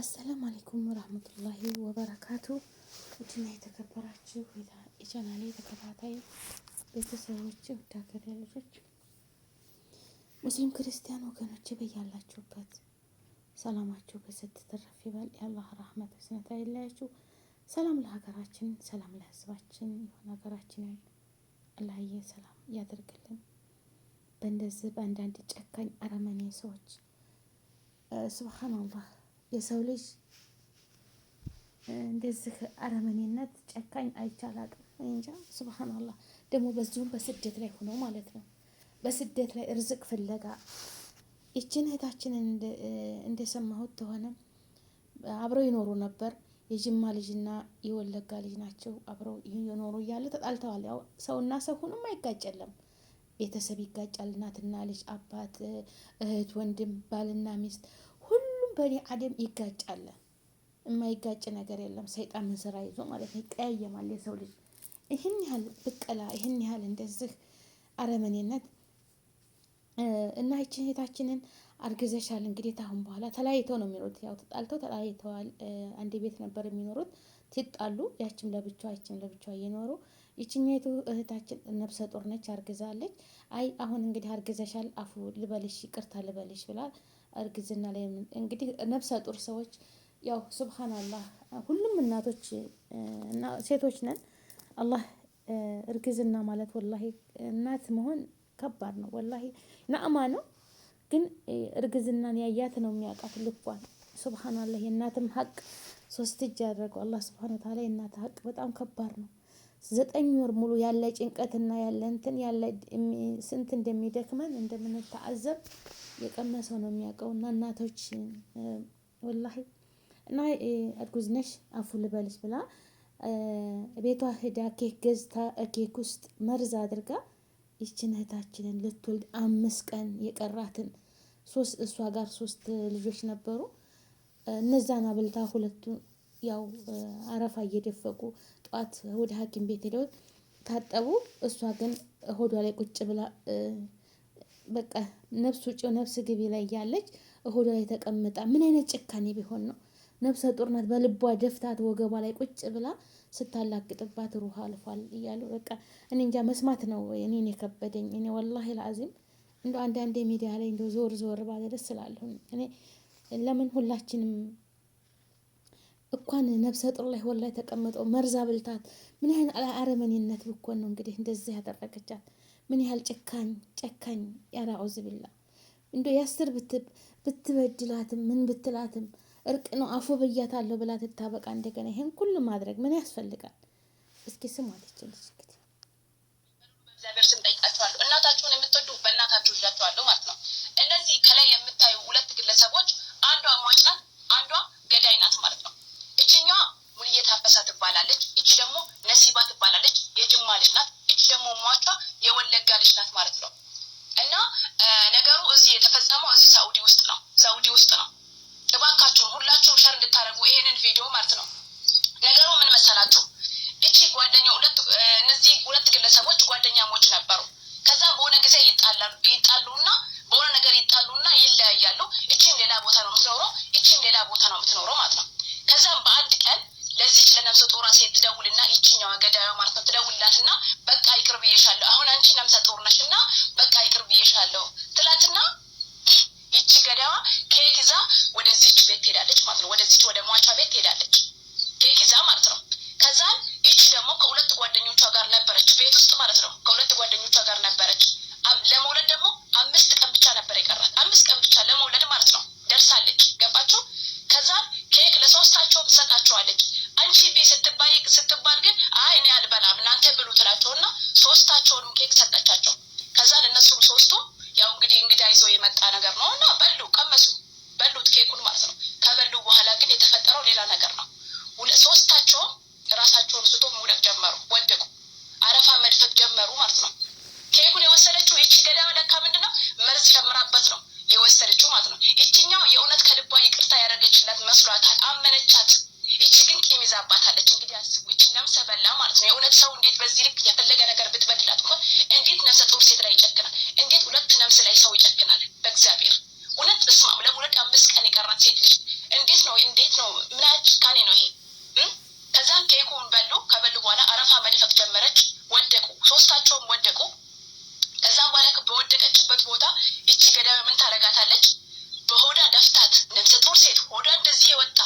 አሰላም አሌይኩም ወራህመቱላሂ ወበረካቱ። ውድና የተከበራችሁ የቻናሌ ተከታታይ ቤተሰቦች፣ ውድ ሀገሬ ልጆች፣ ሙስሊም ክርስቲያን ወገኖች በያላችሁበት ሰላማችሁ በስት ትረፍ ይበል። የአላህ ራህመት ስነት አይለያችሁ። ሰላም ለሀገራችን፣ ሰላም ለህዝባችን ይሁን። ሀገራችንን ላየ ሰላም ያደርግልን። በእንደዚህ በአንዳንድ ጨካኝ አረመኔ ሰዎች ስብሓን አላህ የሰው ልጅ እንደዚህ አረመኔነት ጨካኝ አይቻላቅም። እንጃ ሱብሃንአላህ። ደግሞ በዚሁም በስደት ላይ ሆኖ ማለት ነው። በስደት ላይ እርዝቅ ፍለጋ ይችን እህታችንን እንደሰማሁት ተሆነ አብረው ይኖሩ ነበር። የጅማ ልጅና የወለጋ ልጅ ናቸው። አብረው ይኖሩ እያለ ተጣልተዋል። ያው ሰውና ሰው ሁንም አይጋጨለም። ቤተሰብ ይጋጫል። እናትና ልጅ፣ አባት፣ እህት፣ ወንድም፣ ባልና ሚስት ሁሉም በእኔ አደም ይጋጫል። የማይጋጭ ነገር የለም። ሰይጣንን ስራ ይዞ ማለት ነው ይቀያየማል። የሰው ልጅ ይህን ያህል ብቀላ፣ ይህን ያህል እንደዚህ አረመኔነት እና ይችን እህታችንን አርግዘሻል። እንግዲህ ታሁን በኋላ ተለያይተው ነው የሚኖሩት። ያው ተጣልተው ተለያይተዋል። አንድ ቤት ነበር የሚኖሩት። ሲጣሉ ያችም ለብቻዋ ያችም ለብቻዋ እየኖሩ ይችኛይቱ እህታችን ነብሰ ጡር ነች፣ አርግዛለች። አይ አሁን እንግዲህ አርግዘሻል፣ አፉ ልበልሽ፣ ይቅርታ ልበልሽ ብላል እርግዝና ላይ እንግዲህ ነፍሰ ጡር ሰዎች ያው ሱብሃናላህ ሁሉም እናቶች እና ሴቶች ነን። አላህ እርግዝና ማለት ወላሂ እናት መሆን ከባድ ነው። ወላሂ ነዕማ ነው፣ ግን እርግዝናን ያያት ነው የሚያውቃት ልቧን። ሱብሃናላህ የእናትም ሀቅ ሶስት እጅ ያደረገው አላህ ሱብሃነ ወተዓላ የእናት ሀቅ በጣም ከባድ ነው። ዘጠኝ ወር ሙሉ ያለ ጭንቀትና ያለ እንትን ያለ ስንት እንደሚደክመን እንደምንታዘብ የቀመሰው ነው የሚያውቀው። እና እናቶች ወላሂ እና እርጉዝ ነሽ አፉ ልበልሽ ብላ ቤቷ ሄዳ ኬክ ገዝታ ኬክ ውስጥ መርዝ አድርጋ ይችን እህታችንን ልትወልድ አምስት ቀን የቀራትን ሶስት እሷ ጋር ሶስት ልጆች ነበሩ። እነዛን አብልታ ሁለቱን ያው አረፋ እየደፈቁ ጠዋት ወደ ሀኪም ቤት ሄደው ታጠቡ። እሷ ግን ሆዷ ላይ ቁጭ ብላ በቃ ነፍስ ውጪው ነፍስ ግቢ ላይ ያለች ሆዷ ላይ ተቀምጣ ምን አይነት ጭካኔ ቢሆን ነው? ነፍሰ ጡር ናት። በልቧ ደፍታት ወገቧ ላይ ቁጭ ብላ ስታላግጥባት ሩሃ አልፏል እያሉ በቃ እኔ እንጃ መስማት ነው እኔን የከበደኝ። እኔ ወላሂ ለአዚም እንደ አንዳንዴ ሚዲያ ላይ እንደ ዞር ዞር ባለ ደስ ስላለሁ እኔ ለምን ሁላችንም እኳን ነፍሰ ጡር ላይ ሆን መርዛ ብልታት ምን ያህል አረመኔነት ብኮን ነው እንግዲህ እንደዚህ ያደረገቻት። ምን ያህል ጨካኝ ጨካኝ ያላዑዝ ቢላ እንዶ ያስር ብትበድላትም ምን ብትላትም እርቅ ነው አፎ ብያታለሁ ብላ ትታበቃ እንደገና ይሄን ሁሉ ማድረግ ምን ያስፈልጋል? እስኪ ስም አለች እዚህ ውስጥ ነው። እባካችሁን ሁላችሁም ሸር እንድታደርጉ ይሄንን ቪዲዮ ማለት ነው። ነገሩ ምን መሰላችሁ? እቺ ጓደኛ ሁለት እነዚህ ሁለት ግለሰቦች ጓደኛሞች ነበሩ። ከዛ በሆነ ጊዜ ይጣሉና በሆነ ነገር ይጣሉና ይለያያሉ። እቺም ሌላ ቦታ ነው የምትኖረው፣ እቺም ሌላ ቦታ ነው የምትኖረው ማለት ነው። ከዛም በአንድ ቀን ለዚች ለነፍሰ ጡሯ ሴት ትደውልና ይችኛዋ ገዳዩ ማለት ነው ትደውልላትና በቃ ይቅር ብዬሻለሁ፣ አሁን አንቺ ነፍሰ ጡር ነሽ እና በቃ ይቅር ብዬሻለሁ ትላትና ይቺ ገዳዋ ኬክ ይዛ ወደዚች ቤት ትሄዳለች ማለት ነው። ወደዚች ወደ ሟቿ ቤት ትሄዳለች ኬክ ይዛ ማለት ነው። ከዛን ይቺ ደግሞ ከሁለት ጓደኞቿ ጋር ነበረች ቤት ውስጥ ማለት ነው። ከሁለት ጓደኞቿ ጋር ነበረች። ለመውለድ ደግሞ አምስት ቀን ብቻ ነበር የቀራት፣ አምስት ቀን ብቻ ለመውለድ ማለት ነው። ደርሳለች። ገባችሁ? ከዛን ኬክ ለሶስታቸው ትሰጣቸዋለች። አንቺ ቤ ስትባይ ስትባል ግን አይ እኔ አልበላም እናንተ ብሉ ትላቸውና ሶስታቸውንም ኬክ ሰጠቻቸው። ከዛን እነሱም ሶስቱ ያው እንግዲህ እንግዳ ይዞ የመጣ ነገር ነው እና በሉ ቀመሱ፣ በሉት ኬኩን ማለት ነው። ከበሉ በኋላ ግን የተፈጠረው ሌላ ነገር ነው። ሶስታቸውም ራሳቸውን ስቶ መውደቅ ጀመሩ፣ ወደቁ፣ አረፋ መድፈቅ ጀመሩ ማለት ነው። ኬኩን የወሰደችው ይቺ ገዳ ለካ ምንድን ነው መርዝ ጨምራበት ነው የወሰደችው ማለት ነው። ይችኛው የእውነት ከልቧ ይቅርታ ያደረገችላት መስሏታል፣ አመነቻት። ይዛባታለች። እንግዲህ አስቡ፣ ይቺ ነፍሰ በላ ማለት ነው። የእውነት ሰው እንዴት በዚህ ልክ የፈለገ ነገር ብትበድላት እንኳን እንዴት ነፍሰ ጡር ሴት ላይ ይጨክናል? እንዴት ሁለት ነፍስ ላይ ሰው ይጨክናል? በእግዚአብሔር እውነት እስማ ለሁለት አምስት ቀን የቀራት ሴት ልጅ እንዴት ነው እንዴት ነው? ምን አይነት ጭካኔ ነው ይሄ? ከዛ ኬኩን በሉ። ከበሉ በኋላ አረፋ መድፈቅ ጀመረች። ወደቁ፣ ሶስታቸውም ወደቁ። ከዛም በኋላ በወደቀችበት ቦታ እቺ ገዳይ ምን ታደርጋታለች? በሆዳ ደፍታት። ነፍሰ ጡር ሴት ሆዳ እንደዚህ የወጣ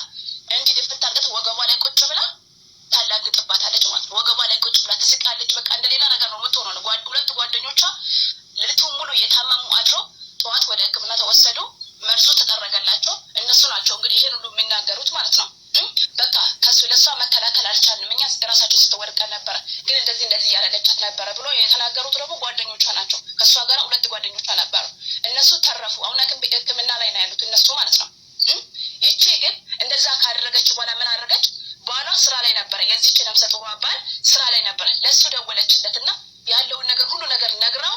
ከደወለችው በኋላ ምን አደረገች? ባሏ ስራ ላይ ነበረ፣ የዚች ነፍሰ ጡሯ ባል ስራ ላይ ነበረ። ለእሱ ደወለችለት እና ያለውን ነገር ሁሉ ነገር ነግረው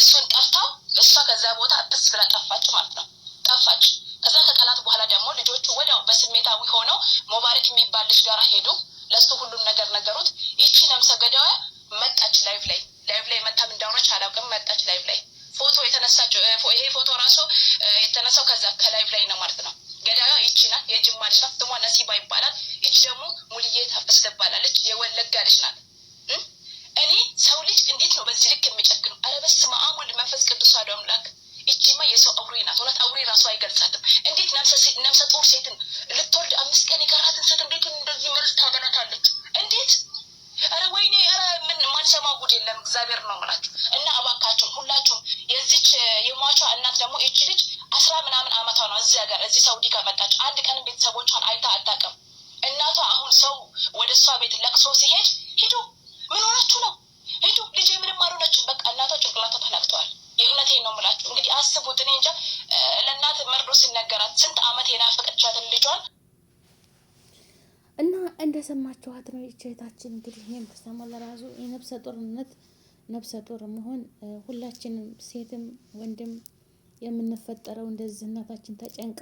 እሱን ጠርታው እሷ ከዛ ቦታ ብስ ብላ ጠፋች ማለት ነው። ጠፋች። ከዛ ከቀናት በኋላ ደግሞ ልጆቹ ወዲያው በስሜታዊ ሆነው ሞባረክ የሚባል ልጅ ጋር ሄዱ። ለእሱ ሁሉም ነገር ነገሩት። ይቺ ነፍሰ ገዳዋ መጣች። ላይቭ ላይ ላይቭ ላይ መታም እንዳሆነች አላውቅም። መጣች ላይቭ ላይ ፎቶ የተነሳችው ይሄ ፎቶ ራሱ የተነሳው ከዛ ከላይቭ ላይ ነው ማለት ነው። ገዳዩ ይቺ ናት። የጅማ ልጅ ናት። ስሟ ነሲባ ይባላል። ይቺ ደግሞ ሙልዬ ታፈስ ትባላለች። የወለጋ ልጅ ናት። እኔ ሰው ልጅ እንዴት ነው በዚህ ልክ የሚጨክኑ? ኧረ በስመ አብ መንፈስ ቅዱስ አሐዱ አምላክ። ይቺማ የሰው አውሬ ናት። እውነት አውሬ ራሱ አይገልጻትም። እንዴት ነፍሰ ጡር ሴትን ልትወልድ አምስት ቀን የቀራትን ሴት እንዴት እንደዚህ መልስ ታገናታለች? እንዴት ኧረ ወይኔ ኧረ ምን ማንሰማ ጉድ የለም። እግዚአብሔር ነው የምላችሁ እና እባካችሁም ሁላችሁም የዚች የሟቿ እናት ደግሞ ይቺ ልጅ አስራ ምናምን አመቷ ነው እዚህ ሀገር እዚህ ሰውዲ ከመጣች አንድ ቀን ቤተሰቦቿን አይታ አታውቅም። እናቷ አሁን ሰው ወደ እሷ ቤት ለቅሶ ሲሄድ ሂዱ፣ ምን ሆናችሁ ነው? ሂዱ፣ ልጅ ምንም አልሆነችም። በቃ እናቷ ጭንቅላቷ ተነቅተዋል። የእውነቴን ነው የምላችሁ። እንግዲህ አስቡት። እኔ እንጃ ለእናት መርዶ ሲነገራት ስንት አመት የናፈቀቻትን ልጇን እና እንደሰማችኋት ነው ይቸታችን። እንግዲህ ይህም ተሰማ ለራሱ የነፍሰ ጡርነት ነፍሰ ጡር መሆን ሁላችንም ሴትም ወንድም የምንፈጠረው እንደዚህ እናታችን ተጨንቃ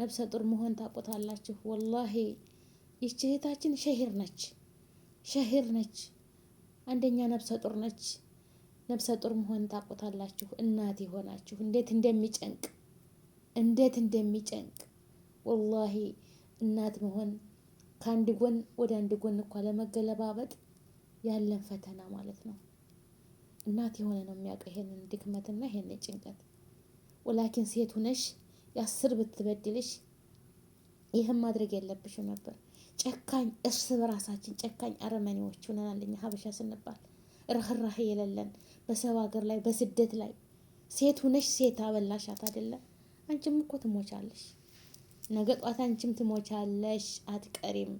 ነብሰ ጡር መሆን ታቆታላችሁ። ወላሂ ይች እህታችን ሸሂር ነች፣ ሸሂር ነች፣ አንደኛ ነብሰ ጡር ነች። ነብሰ ጡር መሆን ታቆታላችሁ። እናት የሆናችሁ እንዴት እንደሚጨንቅ እንዴት እንደሚጨንቅ ወላሂ እናት መሆን ከአንድ ጎን ወደ አንድ ጎን እኳ ለመገለባበጥ ያለን ፈተና ማለት ነው። እናት የሆነ ነው የሚያውቀው ይሄንን ድክመትና ይሄንን ጭንቀት። ወላኪን ሴት ሁነሽ የአስር ብትበድልሽ ይህም ማድረግ የለብሽም ነበር። ጨካኝ እርስ በራሳችን ጨካኝ አረመኔዎች ሆነናል እኛ ሀበሻ ስንባል ርህራሄ የሌለን በሰብ ሀገር ላይ በስደት ላይ ሴት ሁነሽ ሴት አበላሻት አይደለም። አንቺም እኮ ትሞቻለሽ። ነገ ጧት አንቺም ትሞቻለሽ፣ አትቀሪም።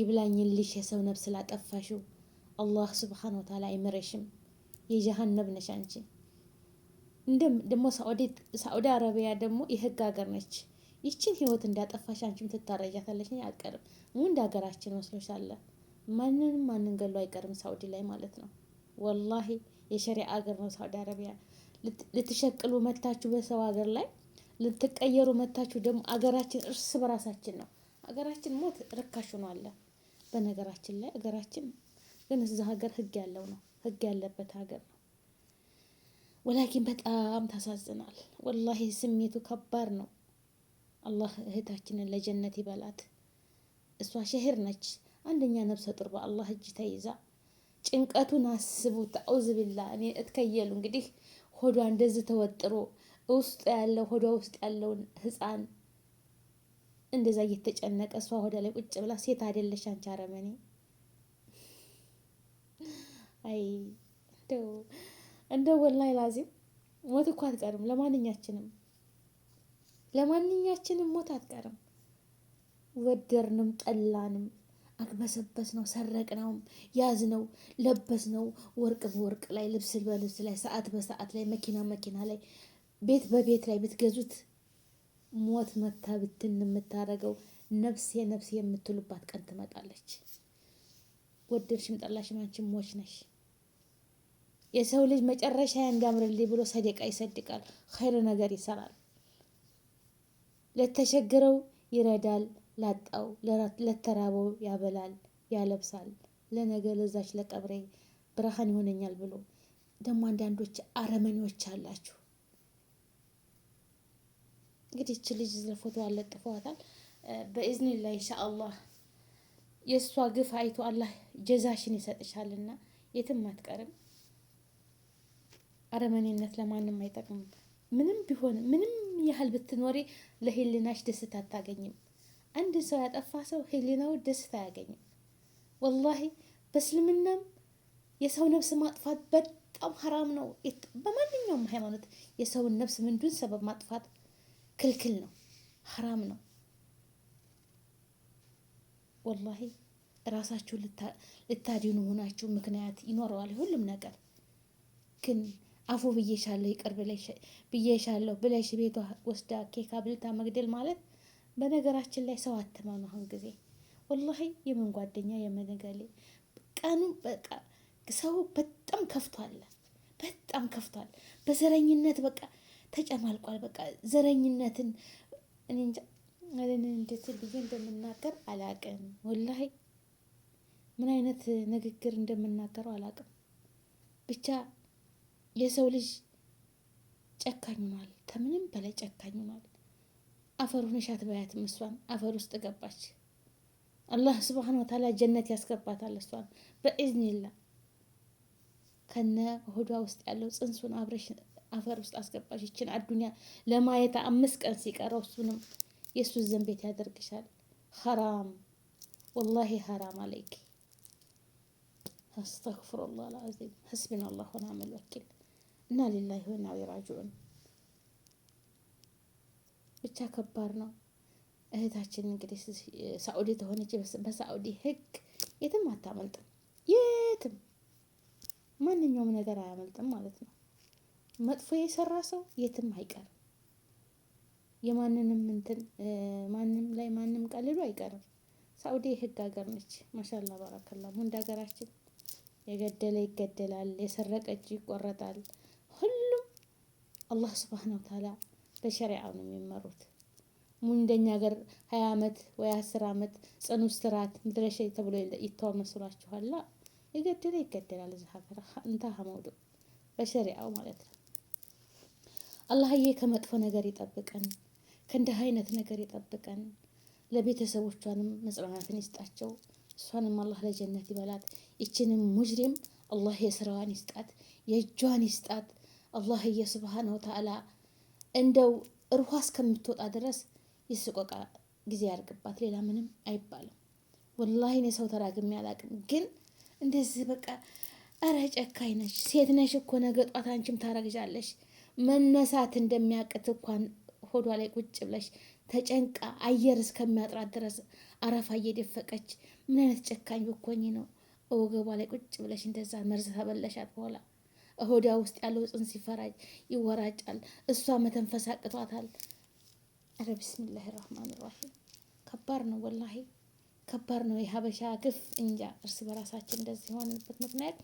ይብላኝልሽ የሰው ነፍስ ላጠፋሽው አላህ ስብሓን ወታላ አይምረሽም። የጀሃነብ ነሽ አንቺ። እንደ ደግሞ ሳዑዲ አረቢያ ደግሞ የህግ ሀገር ነች። ይችን ህይወት እንዳጠፋሽ አንቺም ትታረጃታለሽ። አቀርም እንደ ሀገራችን መስሎሻል። ማንንም ማንን ገሎ አይቀርም ሳዑዲ ላይ ማለት ነው። ወላሂ የሸሪያ ሀገር ነው ሳዑዲ አረቢያ። ልትሸቅሉ መታችሁ በሰው ሀገር ላይ ልትቀየሩ መታችሁ። ደግሞ አገራችን እርስ በራሳችን ነው። አገራችን ሞት ርካሽ ነው አለ በነገራችን ላይ አገራችን ግን እዛ ሀገር ህግ ያለው ነው። ህግ ያለበት ሀገር ነው። ወላኪን በጣም ታሳዝናል። ወላሂ ስሜቱ ከባድ ነው። አላህ እህታችንን ለጀነት ይበላት። እሷ ሸሄር ነች፣ አንደኛ ነብሰ ጡር በአላህ እጅ ተይዛ ጭንቀቱን አስቡት። አውዝ ቢላ እኔ እትከየሉ እንግዲህ ሆዷ እንደዚህ ተወጥሮ ውስጥ ያለው ሆዷ ውስጥ ያለውን ህፃን እንደዛ እየተጨነቀ እሷ ሆዳ ላይ ቁጭ ብላ ሴት አይደለሽ አንቺ አረመኔ። አይ እንደው እንደ ወላይ ላዚም ሞት እኮ አትቀርም ለማንኛችንም ለማንኛችንም ሞት አትቀርም። ወደርንም ጠላንም አግበሰበስ ነው ሰረቅ ነው ያዝ ነው ለበስ ነው ወርቅ በወርቅ ላይ ልብስ በልብስ ላይ ሰዓት በሰዓት ላይ መኪና መኪና ላይ ቤት በቤት ላይ ብትገዙት ሞት መታ ብትን የምታደርገው ነፍሴ ነፍሴ የምትሉባት ቀን ትመጣለች። ወደድሽም ጠላሽም አንቺም ሞች ነሽ። የሰው ልጅ መጨረሻ እንዳምርልኝ ብሎ ሰደቃ ይሰድቃል፣ ኸይር ነገር ይሰራል፣ ለተቸገረው ይረዳል፣ ላጣው ለተራበው ያበላል፣ ያለብሳል፣ ለነገ ለዛች ለቀብሬ ብርሃን ይሆነኛል ብሎ ደግሞ አንዳንዶች አረመኔዎች አላችሁ። እንግዲህ እች ልጅ ፎቶ አለጥፈዋታል። በኢዝኒላህ ኢንሻአላህ የእሷ ግፍ አይቶ አላህ ጀዛሽን ይሰጥሻልና የትም አትቀርም። አረመኔነት ለማንም አይጠቅምም። ምንም ቢሆን ምንም ያህል ብትኖሪ ለሄሊናሽ ደስታ አታገኝም። አንድ ሰው ያጠፋ ሰው ሄሊናው ደስታ አያገኝም። ወላሂ በእስልምናም የሰው ነፍስ ማጥፋት በጣም ሀራም ነው። በማንኛውም ሃይማኖት የሰውን ነፍስ ምንዱን ሰበብ ማጥፋት ክልክል ነው፣ ሀራም ነው። ወላሂ እራሳችሁ ልታድኑ ሆናችሁ ምክንያት ይኖረዋል ሁሉም ነገር ግን አፉ ብዬሻለሁ፣ ይቅር ብዬሻለሁ ብለሽ ቤቷ ወስዳ ኬክ አብልታ መግደል ማለት በነገራችን ላይ ሰው አትመኑ። አሁን ጊዜ ወላሂ የምን ጓደኛ የምንገሌ ቀኑ በቃ ሰው በጣም ከፍቷል፣ በጣም ከፍቷል። በዘረኝነት በቃ ተጨማልቋል። በቃ ዘረኝነትን እኔ እንጃ እንዴት ብዬ እንደምናገር አላቅም። ወላሂ ምን አይነት ንግግር እንደምናገረው አላቅም ብቻ የሰው ልጅ ጨካኝ ሆኗል። ከምንም በላይ ጨካኝ ሆኗል። አፈሩን እሻት በያት እሷን አፈር ውስጥ ገባች። አላህ ስብሓን ወታላ ጀነት ያስገባታል። እሷን በኢዝኒላ ከነ ሆዷ ውስጥ ያለው ጽንሱን አብረሽ አፈር ውስጥ አስገባሽ። ይችን አዱኒያ ለማየት አምስት ቀን ሲቀረው እሱንም የእሱ ዘንቤት ያደርግሻል። ሀራም ወላሂ ሀራም አለይክ። አስተግፍሩላህ አልዓዚም። ሐስቢና አላሁ ወኒዕመል ወኪል እና ሌላ ይሆን ራጅዑን ብቻ ከባድ ነው። እህታችን እንግዲህ ሳኡዲ ተሆነች በሳኡዲ ህግ የትም አታመልጥም፣ የትም ማንኛውም ነገር አያመልጥም ማለት ነው። መጥፎ የሰራ ሰው የትም አይቀርም። የማንንም እንትን ማንም ላይ ማንም ቀልሉ አይቀርም። ሳኡዲ የህግ ሀገር ነች። ማሻላ ባረከላ። እንደ ሀገራችን የገደለ ይገደላል፣ የሰረቀ እጅ ይቆረጣል። ሁሉም አላህ ስብሓነሁ ወተዓላ በሸሪዓው ነው የሚመሩት። እንደኛ ሀገር ሀያ አመት ወይ አስር አመት ጽኑ እስራት ምድረሻ ተብሎ ይተዋ መስሏችኋላ? የገደለ ይገደላል። እዚህ ሀገር እንታ ሀመውዶ በሸሪዓው ማለት ነው። አላህዬ ከመጥፎ ነገር ይጠብቀን፣ ከእንዲህ አይነት ነገር ይጠብቀን። ለቤተሰቦቿንም መጽናናትን ይስጣቸው። እሷንም አላህ ለጀነት ይበላት። ይችንም ሙጅሪም አላህ የስራዋን ይስጣት፣ የእጇን ይስጣት። አላህዬ ስብሓን ወተዓላ እንደው እርኋ እስከምትወጣ ድረስ የስቆቃ ጊዜ ያርግባት። ሌላ ምንም አይባልም። ወላሂ እኔ ሰው ተራግሜ አላቅም፣ ግን እንደዚህ በቃ ኧረ ጨካኝ ነች። ሴት ነሽ እኮ ነገ ጧት አንቺም ታረግዣለሽ። መነሳት እንደሚያቅት እንኳን ሆዷ ላይ ቁጭ ብለሽ ተጨንቃ አየር እስከሚያጥራት ድረስ አረፋ እየደፈቀች ምን አይነት ጨካኝ ብኮኝ ነው? ወገቧ ላይ ቁጭ ብለሽ እንደዛ መርዝ ተበለሻት በኋላ ሆዷ ውስጥ ያለው ጽንስ ይፈራጅ ይወራጫል። እሷ መተንፈስ አቅቷታል። አረ ቢስሚላህ ራህማን ራሂም። ከባድ ነው ወላሂ ከባድ ነው። የሀበሻ ግፍ እንጃ። እርስ በራሳችን እንደዚህ የሆንበት ምክንያት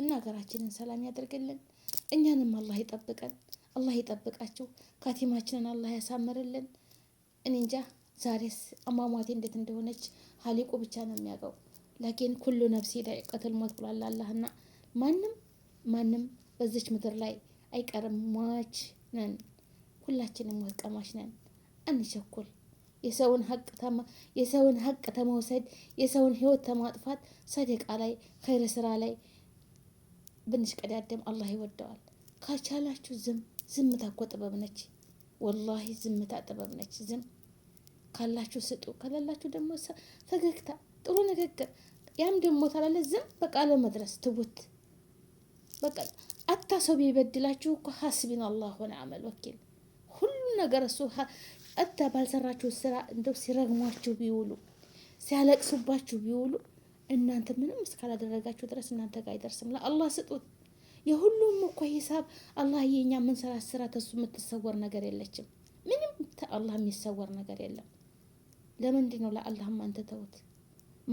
እና ሀገራችንን ሰላም ያደርግልን፣ እኛንም አላህ ይጠብቀን፣ አላህ ይጠብቃችሁ። ካቲማችንን አላህ ያሳምርልን። እኔ እንጃ ዛሬስ አሟሟቴ እንዴት እንደሆነች ሀሊቁ ብቻ ነው የሚያውቀው። ላኪን ኩሉ ነፍሲ ዳቂቀቱል ሞት ብሏል አላህና ማንም ማንም በዚች ምድር ላይ አይቀርም። ሟች ነን፣ ሁላችንም ወጥቀማች ነን። አንቸኩል። የሰውን ሀቅ ተመውሰድ፣ የሰውን ህይወት ተማጥፋት፣ ሰደቃ ላይ ኸይረ ስራ ላይ ብንሽቀዳደም አላህ ይወደዋል። ካቻላችሁ ዝም። ዝምታ እኮ ጥበብ ነች። ወላሂ ዝምታ ጥበብ ነች። ዝም ካላችሁ ስጡ፣ ከሌላችሁ ደግሞ ፈገግታ፣ ጥሩ ንግግር፣ ያም ደግሞ ታላለ ዝም በቃለ መድረስ ትውት በቃ አታ ሰው ቢበድላችሁ እኮ ሀስቢን አላህ ሆነ አመል ወኪል ሁሉም ነገር እሱ አታ ባልሰራችሁ ስራ እንደው ሲረግሟችሁ ቢውሉ ሲያለቅሱባችሁ ቢውሉ እናንተ ምንም እስካላደረጋችሁ ድረስ እናንተ ጋር አይደርስም። ለአላህ ስጡት። የሁሉም እኮ ሂሳብ አላህ የኛ ምንሰራ ስራ ተሱ የምትሰወር ነገር የለችም። ምንም አላህ የሚሰወር ነገር የለም። ለምንድን ነው ለአላህ አንተ ተውት።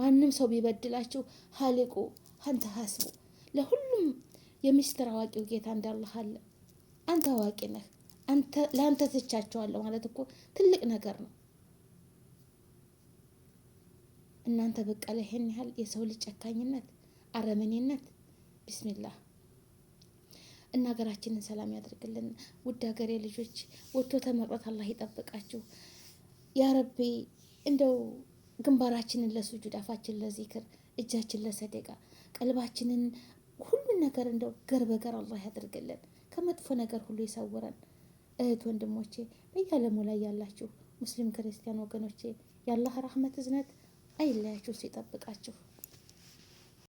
ማንም ሰው ቢበድላችሁ ሀሊቁ አንተ ሀስቡ ለሁሉም የሚስጥር አዋቂው ጌታ እንዳላህ አለ። አንተ አዋቂ ነህ። ለአንተ ትቻቸዋለሁ ማለት እኮ ትልቅ ነገር ነው። እናንተ በቀለ ይሄን ያህል የሰው ልጅ ጨካኝነት፣ አረመኔነት ቢስሚላህ እና ሀገራችንን ሰላም ያደርግልን። ውድ ሀገሬ ልጆች ወጥቶ ተመቅረት አላህ ይጠብቃችሁ። ያረቢ እንደው ግንባራችንን ለሱጁድ አፋችን ለዚክር እጃችን ለሰደቃ ቀልባችንን ሁሉን ነገር እንደው ገር በገር አላህ ያድርግልን፣ ከመጥፎ ነገር ሁሉ ይሰውረን። እህት ወንድሞቼ፣ በየዓለሙ ላይ ያላችሁ ሙስሊም ክርስቲያን ወገኖቼ የአላህ ራህመት እዝነት አይለያችሁ ሲጠብቃችሁ